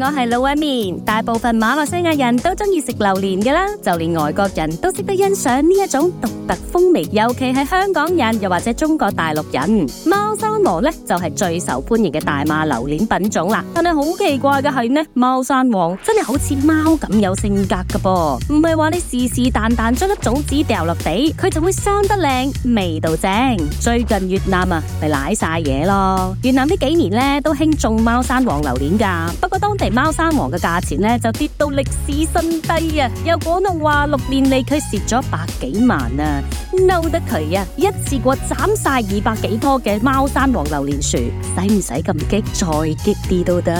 我係老一面，大部分馬來西亞人都中意食榴蓮嘅啦，就連外國人都識得欣賞呢一種獨特風味。尤其係香港人，又或者中國大陸人，貓山王呢就係最受歡迎嘅大馬榴蓮品種啦。但係好奇怪嘅係呢，貓山王真係好似貓咁有性格噶噃，唔係話你是是旦旦將粒種子掉落地，佢就會生得靚，味道正。最近越南啊，咪瀨晒嘢咯。越南呢幾年咧都興種貓山王榴蓮噶，不過當嚟貓山王嘅價錢呢，就跌到歷史新低啊！又講到話六年嚟佢蝕咗百幾萬啊，嬲得佢啊！一次過斬晒二百幾棵嘅貓山王榴蓮樹，使唔使咁激？再激啲都得。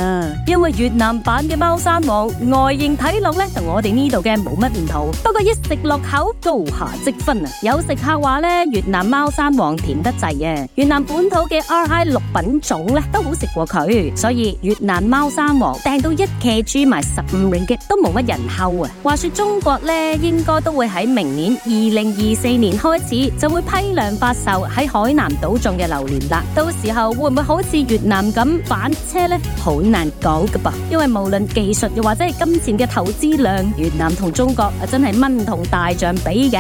因為越南版嘅貓山王外形睇落呢，同我哋呢度嘅冇乜唔同，不過一食落口高下即分啊！有食客話呢，越南貓山王甜得滯啊，越南本土嘅 Ri6 品種呢，都好食過佢，所以越南貓山王。訂到一期住埋十五年嘅都冇乜人後啊！話說中國呢應該都會喺明年二零二四年開始就會批量發售喺海南島種嘅榴蓮啦。到時候會唔會好似越南咁翻車呢？好難講噶噃，因為無論技術又或者係金錢嘅投資量，越南同中國啊真係蚊同大象比嘅。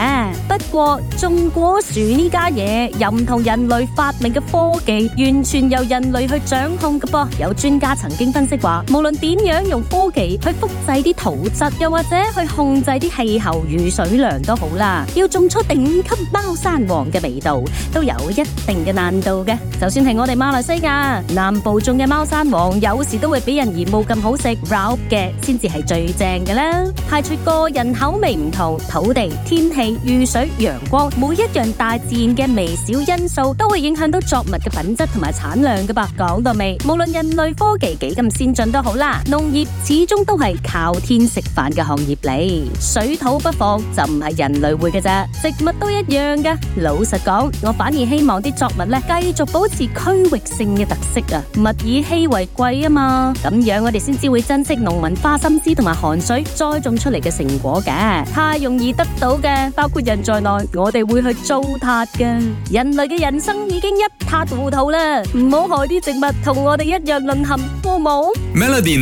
不過種果樹呢家嘢又唔同人類發明嘅科技，完全由人類去掌控噶噃。有專家曾經分析話，無論點樣用科技去複製啲土質，又或者去控制啲氣候、雨水量都好啦。要種出頂級貓山王嘅味道，都有一定嘅難度嘅。就算係我哋馬來西亞南部種嘅貓山王，有時都會俾人嫌冇咁好食。Raub 嘅先至係最正嘅啦。排除個人口味唔同、土地、天氣、雨水、陽光每一樣大自然嘅微小因素，都會影響到作物嘅品質同埋產量噶吧。講到尾，無論人類科技幾咁先進都好啦。農業始終都係靠天食飯嘅行業嚟，水土不服就唔係人類會嘅啫，植物都一樣嘅。老實講，我反而希望啲作物咧繼續保持區域性嘅特色啊！物以稀為貴啊嘛，咁樣我哋先至會珍惜農民花心思同埋汗水栽種出嚟嘅成果嘅。太容易得到嘅，包括人在內，我哋會去糟蹋噶。人類嘅人生已經一塌糊塗啦，唔好害啲植物同我哋一樣淪陷，好冇？Melody。